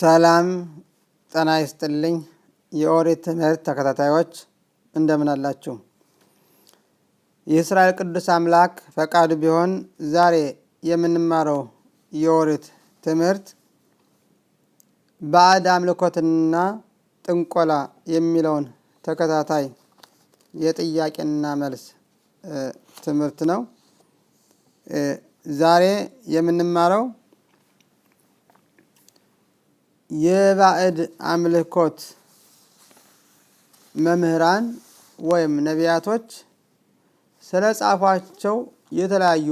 ሰላም ጠና ይስጥልኝ። የኦሪት ትምህርት ተከታታዮች እንደምን አላችሁ? የእስራኤል ቅዱስ አምላክ ፈቃዱ ቢሆን ዛሬ የምንማረው የኦሪት ትምህርት ባዕድ አምልኮትና ጥንቆላ የሚለውን ተከታታይ የጥያቄና መልስ ትምህርት ነው። ዛሬ የምንማረው የባዕድ አምልኮት መምህራን ወይም ነቢያቶች ስለ ጻፏቸው የተለያዩ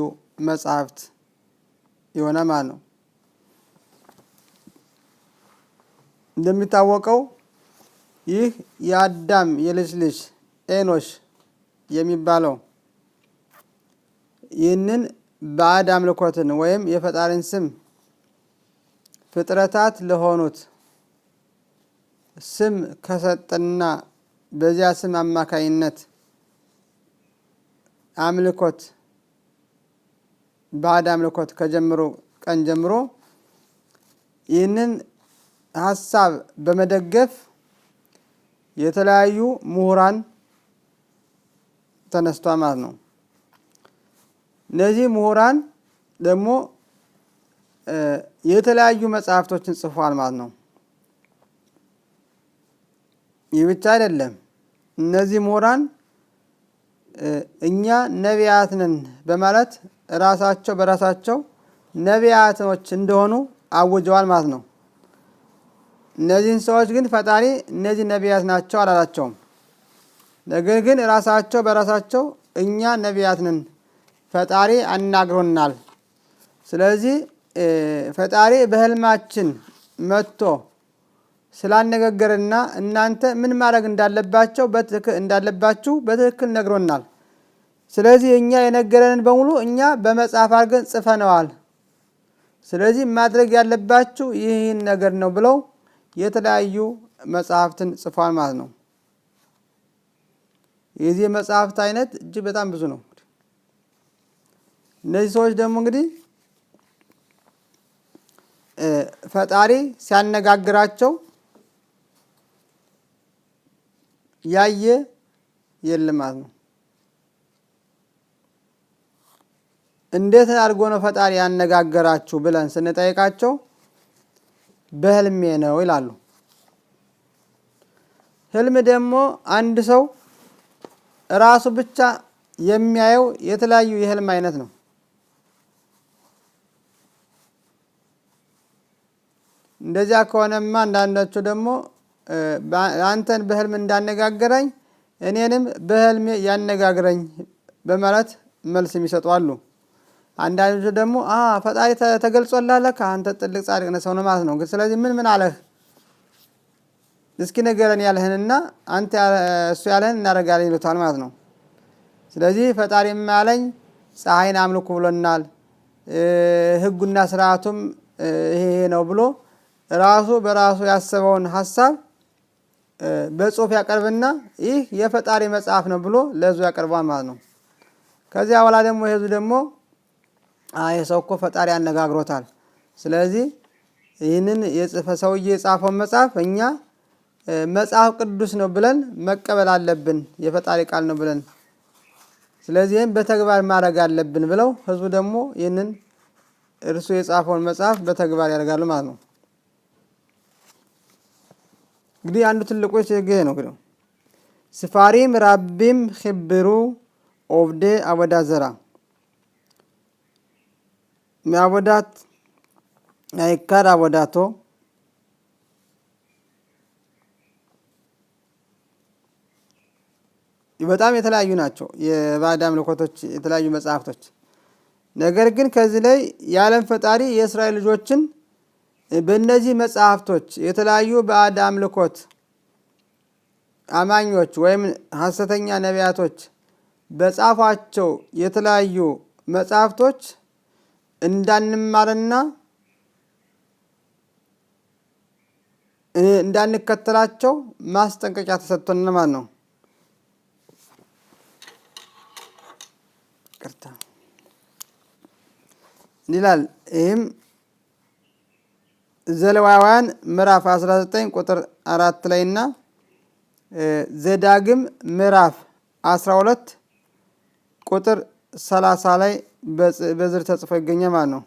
መጽሐፍት የሆነ ማለት ነው። እንደሚታወቀው ይህ የአዳም የልጅ ልጅ ኤኖሽ የሚባለው ይህንን ባዕድ አምልኮትን ወይም የፈጣሪን ስም ፍጥረታት ለሆኑት ስም ከሰጠና በዚያ ስም አማካይነት አምልኮት ባዕድ አምልኮት ከጀምሮ ቀን ጀምሮ ይህንን ሀሳብ በመደገፍ የተለያዩ ምሁራን ተነስቷ ማለት ነው። እነዚህ ምሁራን ደግሞ የተለያዩ መጽሐፍቶችን ጽፏል ማለት ነው። ይህ ብቻ አይደለም። እነዚህ ምሁራን እኛ ነቢያት ነን በማለት ራሳቸው በራሳቸው ነቢያቶች እንደሆኑ አውጀዋል ማለት ነው። እነዚህን ሰዎች ግን ፈጣሪ እነዚህ ነቢያት ናቸው አላላቸውም። ነገር ግን ራሳቸው በራሳቸው እኛ ነቢያት ነን፣ ፈጣሪ አናግሮናል፣ ስለዚህ ፈጣሪ በህልማችን መጥቶ ስላነገገርና እናንተ ምን ማድረግ እንዳለባቸው እንዳለባችሁ በትክክል ነግሮናል። ስለዚህ እኛ የነገረንን በሙሉ እኛ በመጽሐፍ አድርገን ጽፈነዋል። ስለዚህ ማድረግ ያለባችሁ ይህን ነገር ነው ብለው የተለያዩ መጽሐፍትን ጽፏል ማለት ነው። የዚህ መጽሐፍት አይነት እጅግ በጣም ብዙ ነው። እነዚህ ሰዎች ደግሞ እንግዲህ ፈጣሪ ሲያነጋግራቸው ያየ የልማት ነው። እንዴት አድርጎ ነው ፈጣሪ ያነጋገራችሁ ብለን ስንጠይቃቸው በህልሜ ነው ይላሉ። ህልም ደግሞ አንድ ሰው ራሱ ብቻ የሚያየው የተለያዩ የህልም አይነት ነው። እንደዚያ ከሆነማ አንዳንዶቹ ደግሞ አንተን በህልም እንዳነጋገረኝ እኔንም በህልም ያነጋግረኝ በማለት መልስ የሚሰጡ አሉ። አንዳንዶቹ ደግሞ ፈጣሪ ተገልጾላለ አንተ ጥልቅ ጻድቅ ነሰው ነው ማለት ነው። ስለዚህ ምን ምን አለህ እስኪ ነገረን ያለህንና አንተ እሱ ያለህን እናደርጋለን ይሉታል ማለት ነው። ስለዚህ ፈጣሪም ማለኝ ፀሐይን አምልኩ ብሎናል፣ ህጉና ስርዓቱም ይሄ ነው ብሎ ራሱ በራሱ ያሰበውን ሀሳብ በጽሁፍ ያቀርብና ይህ የፈጣሪ መጽሐፍ ነው ብሎ ለህዝቡ ያቀርቧል ማለት ነው። ከዚያ በኋላ ደግሞ ህዝቡ ደግሞ ይህ ሰው እኮ ፈጣሪ ያነጋግሮታል፣ ስለዚህ ይህንን ሰውዬ የጻፈውን መጽሐፍ እኛ መጽሐፍ ቅዱስ ነው ብለን መቀበል አለብን፣ የፈጣሪ ቃል ነው ብለን ስለዚህም በተግባር ማድረግ አለብን ብለው ህዝቡ ደግሞ ይህንን እርሱ የጻፈውን መጽሐፍ በተግባር ያደርጋሉ ማለት ነው። እንግዲህ አንዱ ትልቁ ችግር ነው። ግን ስፋሪም ራቢም ክብሩ ኦብዴ አወዳ ዘራ ሚያወዳት አይካድ አወዳቶ በጣም የተለያዩ ናቸው የባዕድ አምልኮቶች የተለያዩ መጽሐፍቶች። ነገር ግን ከዚህ ላይ የዓለም ፈጣሪ የእስራኤል ልጆችን በእነዚህ መጽሐፍቶች የተለያዩ በአድ አምልኮት አማኞች ወይም ሐሰተኛ ነቢያቶች በጻፏቸው የተለያዩ መጽሐፍቶች እንዳንማርና እንዳንከተላቸው ማስጠንቀቂያ ተሰጥቶን ማለት ነው። ይላል ይህም ዘለዋውያን ምዕራፍ 19 ቁጥር 4 ላይና ዘዳግም ምዕራፍ 12 ቁጥር 30 ላይ በዝር ተጽፎ ይገኛል ማለት ነው።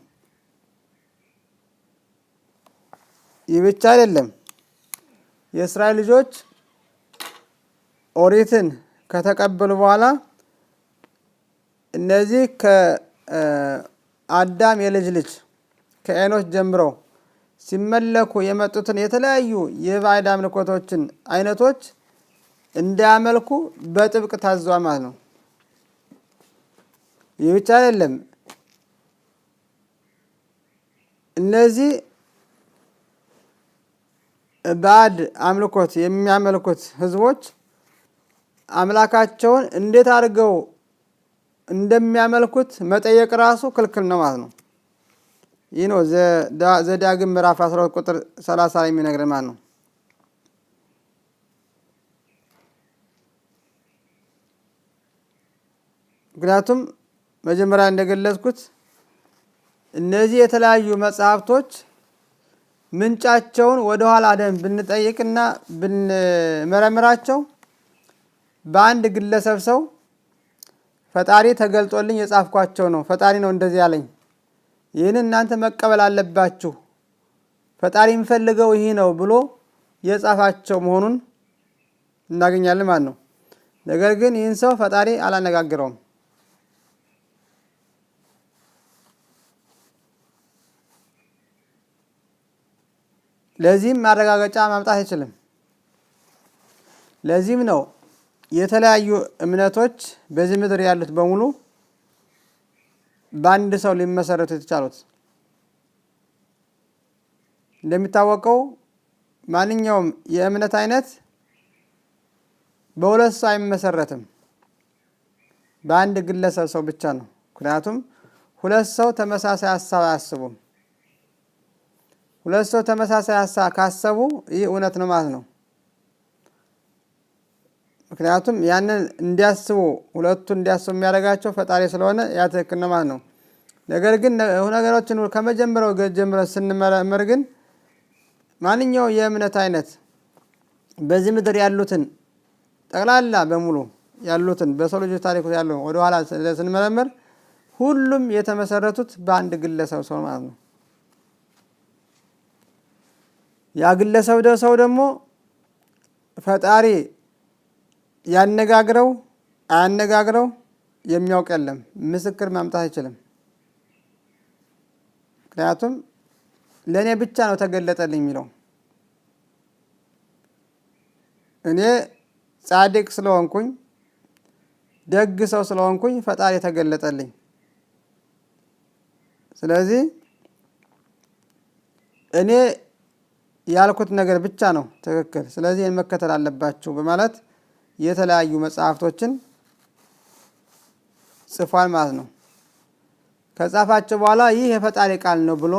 ይህ ብቻ አይደለም። የእስራኤል ልጆች ኦሪትን ከተቀበሉ በኋላ እነዚህ ከአዳም የልጅ ልጅ ከኤኖች ጀምረው ሲመለኩ የመጡትን የተለያዩ የባዕድ አምልኮቶችን አይነቶች እንዳያመልኩ በጥብቅ ታዟል ማለት ነው። ይህ ብቻ አይደለም። እነዚህ ባዕድ አምልኮት የሚያመልኩት ህዝቦች አምላካቸውን እንዴት አድርገው እንደሚያመልኩት መጠየቅ ራሱ ክልክል ነው ማለት ነው። ይህ ነው ዘዳግም ምዕራፍ 12 ቁጥር 30 ላይ የሚነግረን ማለት ነው። ምክንያቱም መጀመሪያ እንደገለጽኩት እነዚህ የተለያዩ መጽሐፍቶች ምንጫቸውን ወደ ኋላ ደን ብንጠይቅና ብንመረምራቸው በአንድ ግለሰብ ሰው ፈጣሪ ተገልጦልኝ የጻፍኳቸው ነው። ፈጣሪ ነው እንደዚህ ያለኝ ይህን እናንተ መቀበል አለባችሁ፣ ፈጣሪ የሚፈልገው ይህ ነው ብሎ የጻፋቸው መሆኑን እናገኛለን ማለት ነው። ነገር ግን ይህን ሰው ፈጣሪ አላነጋግረውም። ለዚህም ማረጋገጫ ማምጣት አይችልም። ለዚህም ነው የተለያዩ እምነቶች በዚህ ምድር ያሉት በሙሉ በአንድ ሰው ሊመሰረቱ የተቻሉት? እንደሚታወቀው ማንኛውም የእምነት አይነት በሁለት ሰው አይመሰረትም፣ በአንድ ግለሰብ ሰው ብቻ ነው። ምክንያቱም ሁለት ሰው ተመሳሳይ ሀሳብ አያስቡም። ሁለት ሰው ተመሳሳይ ሀሳብ ካሰቡ ይህ እውነት ነው ማለት ነው። ምክንያቱም ያንን እንዲያስቡ ሁለቱ እንዲያስቡ የሚያደርጋቸው ፈጣሪ ስለሆነ ያ ትክክል ነው ማለት ነው። ነገር ግን ነገሮችን ከመጀመሪያው ጀምረን ስንመረምር ግን ማንኛው የእምነት አይነት በዚህ ምድር ያሉትን ጠቅላላ በሙሉ ያሉትን በሰው ልጆች ታሪክ ያሉ ወደኋላ ስንመረምር ሁሉም የተመሰረቱት በአንድ ግለሰብ ሰው ማለት ነው። ያ ግለሰብ ሰው ደግሞ ፈጣሪ ያነጋግረው አያነጋግረው የሚያውቅ የለም። ምስክር ማምጣት አይችልም። ምክንያቱም ለእኔ ብቻ ነው ተገለጠልኝ የሚለው እኔ ጻድቅ ስለሆንኩኝ ደግ ሰው ስለሆንኩኝ ፈጣሪ ተገለጠልኝ። ስለዚህ እኔ ያልኩት ነገር ብቻ ነው ትክክል፣ ስለዚህ መከተል አለባችሁ በማለት የተለያዩ መጽሐፍቶችን ጽፏል ማለት ነው። ከጻፋቸው በኋላ ይህ የፈጣሪ ቃል ነው ብሎ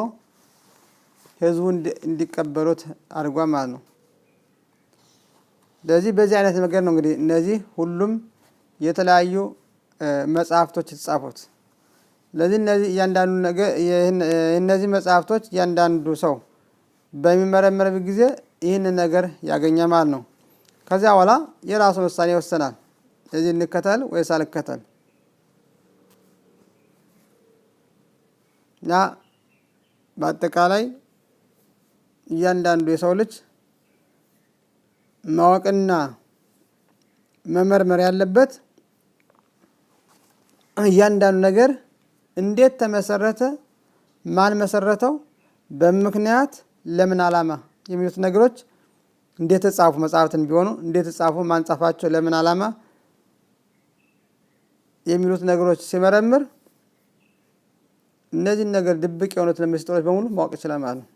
ህዝቡ እንዲቀበሉት አድርጓ ማለት ነው። ስለዚህ በዚህ አይነት ነገር ነው እንግዲህ እነዚህ ሁሉም የተለያዩ መጽሐፍቶች የተጻፉት። ስለዚህ እነዚህ እያንዳንዱ ነገር እነዚህ መጽሐፍቶች እያንዳንዱ ሰው በሚመረመርበት ጊዜ ይህን ነገር ያገኘ ማለት ነው። ከዚያ በኋላ የራሱን ውሳኔ ይወሰናል። እዚህ እንከተል ወይስ አልከተል እና በአጠቃላይ እያንዳንዱ የሰው ልጅ ማወቅና መመርመር ያለበት እያንዳንዱ ነገር እንዴት ተመሰረተ፣ ማን መሰረተው፣ በምክንያት ለምን ዓላማ የሚሉት ነገሮች እንዴት ተጻፉ፣ መጽሐፍትን ቢሆኑ እንዴት ተጻፉ፣ ማን ጻፋቸው፣ ለምን ዓላማ የሚሉት ነገሮች ሲመረምር እነዚህን ነገር ድብቅ የሆኑትን ምስጢሮች በሙሉ ማወቅ ይችላል ማለት ነው።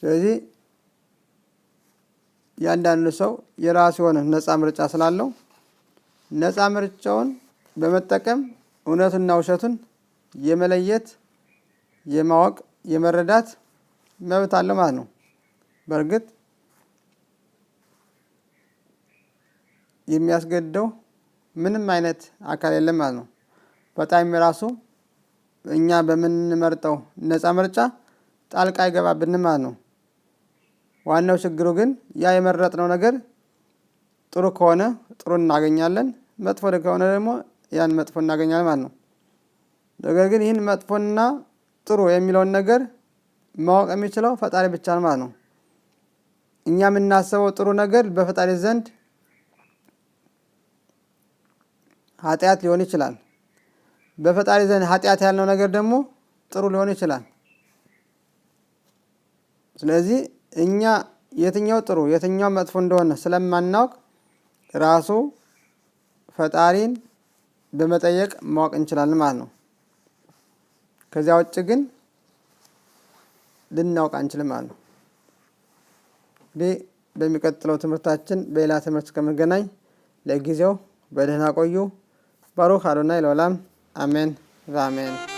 ስለዚህ እያንዳንዱ ሰው የራሱ የሆነ ነፃ ምርጫ ስላለው ነፃ ምርጫውን በመጠቀም እውነቱንና ውሸቱን የመለየት የማወቅ የመረዳት መብት አለ ማለት ነው። በእርግጥ የሚያስገድደው ምንም አይነት አካል የለም ማለት ነው። በጣም የራሱ እኛ በምንመርጠው ነፃ ምርጫ ጣልቃ አይገባብንም ማለት ነው። ዋናው ችግሩ ግን ያ የመረጥነው ነገር ጥሩ ከሆነ ጥሩ እናገኛለን፣ መጥፎ ከሆነ ደግሞ ያን መጥፎ እናገኛለን ማለት ነው። ነገር ግን ይህን መጥፎና ጥሩ የሚለውን ነገር ማወቅ የሚችለው ፈጣሪ ብቻ ነው ማለት ነው። እኛ የምናስበው ጥሩ ነገር በፈጣሪ ዘንድ ኃጢአት ሊሆን ይችላል። በፈጣሪ ዘንድ ኃጢአት ያለው ነገር ደግሞ ጥሩ ሊሆን ይችላል። ስለዚህ እኛ የትኛው ጥሩ የትኛው መጥፎ እንደሆነ ስለማናውቅ ራሱ ፈጣሪን በመጠየቅ ማወቅ እንችላለን ማለት ነው። ከዚያ ውጭ ግን ልናውቅ አንችልም ማለት ነው። እንግዲህ በሚቀጥለው ትምህርታችን በሌላ ትምህርት እስከምንገናኝ ለጊዜው በደህና ቆዩ። ባሩክ አዶናይ ለዓለም Amen. Amen.